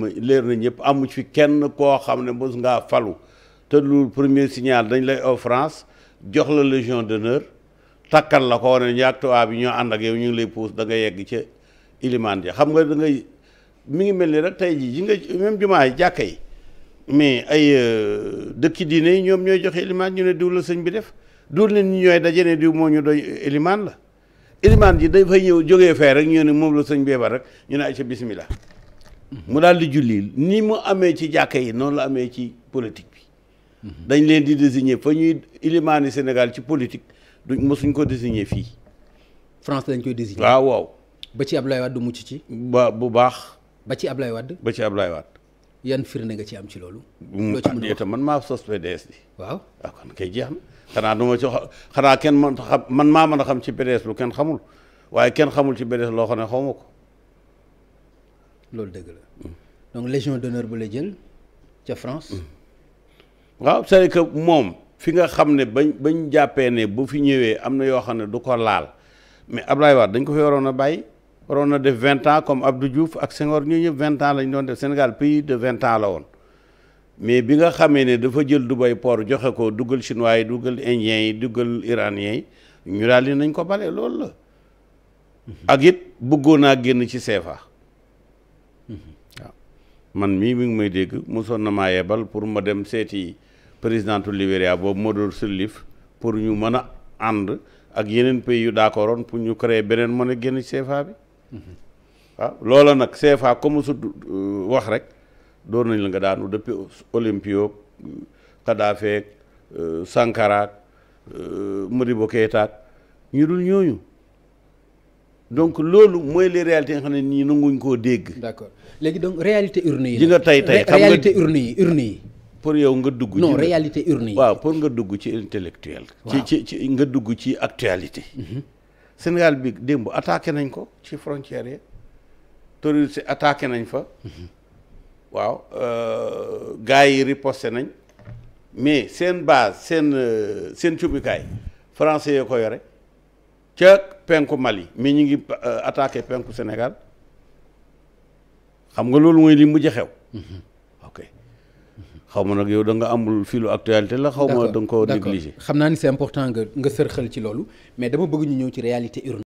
leer na ñëpp amu ci kenn koo xam ne mos ngaa falu te lu premier signal dañ lay france jox la légion d'honneur takkal la ko wane ñaag tubaab bi ñoo ànd ak yow ñu ngi lay puus da nga yegg ca ilimaan ja xam nga da ngay mi ngi mel ni rek tey jii ji nga même jumaa yi jàkka yi mais ay dëkk euh, dëkki diine yi ñoom ñooy joxe ilimaan ñu ne diw sëñ bi def du ne ñu ñooy da ne diw moo ñu doy ilimaan la ilimaan ji dafay ñëw jógee fee rek ñu ne moom la sëñ bi yebal rek ñu ne ay ca bismillah mu daal di julli nii mu amee ci jàkka yi noonu la amee ci politique bi dañ leen di désigner fa ñuy ilimaani Sénégal ci politique du mosuñ ko désigner fii France dañ koy désigner waaw waaw ba ci Ablaye du mucc ci ba bu baax ba ci Ablaye Wade ba ci Ablaye Wade yan firnde nga ci am ci loolu mm, loo ci mën a ah, man maa sos PDS bi waaw waaw ah, kon kay jeex na xanaa du ma ci xanaa kenn man xam man maa mën a xam ci PDS lu kenn xamul waaye kenn xamul ci PDS loo xam ne xaw xawma ko loolu dëgg la. donc légion d'honneur bu la jël ca France. waaw c'est moom fi nga xam ne bañ bañ jàppee ne bu fi ñëwee am na yoo xam ne du ko laal mais Abdoulaye Wade dañ ko fi waroon a bàyyi waroon na def vingt ans comme Abdou Diouf ak Senghor ñu ñëw vingt ans lañ doon def Sénégal pays de vingt ans la woon. mais bi nga xamee ne dafa jël Dubai poor joxe ko duggal chinois yi duggal indien yi duggal iranien yi ñu daal di nañ ko bale loolu la. Mhm. ak it bëggoon naa génn ci CFA. waaw man mii mi ngi may dégg mosoon na maa yebal pour ma dem seeti présidentu Libéria boobu moo doon sëllif pour ñu mën a ànd ak yeneen pays yu d'accordoon pour ñu créer beneen monnaie génn ci CFA bi waaw loola nag CFA comme su euh, wax rek doon nañ la nga daanu depuis Olympio Kadhafi euh, Sankara euh, Modibo Keïta ñu dul ñooñu donc loolu mooy les réalités nga xam ne nii nanguñ koo dégg. d'accord léegi donc réalité urne yi. ji nga tey tey xam nga réalité urne yi urne yi. pour yow nga dugg. ci non réalité urne waaw pour nga dugg ci intellectuel. ci ci ci nga dugg ci actualité. Mhm. Sénégal bi démb attaqué nañ ko ci frontière yi terroriste attaqué nañ fa. Mhm. waaw euh, gars yi riposté nañ mais seen base seen euh, seen cubukaay français yoo ko yore. ca penku Mali mais ñu ngi euh, attaqué penku Sénégal xam nga loolu mooy li mujj xew. Mm-hmm. ok xaw ma nag yow da nga amul filu actualité la. xaw ma da nga koo négligé. xam naa ni c'est important nga nga sërxal ci loolu mais dama bëgg ñu ñëw ci réalité urbaine.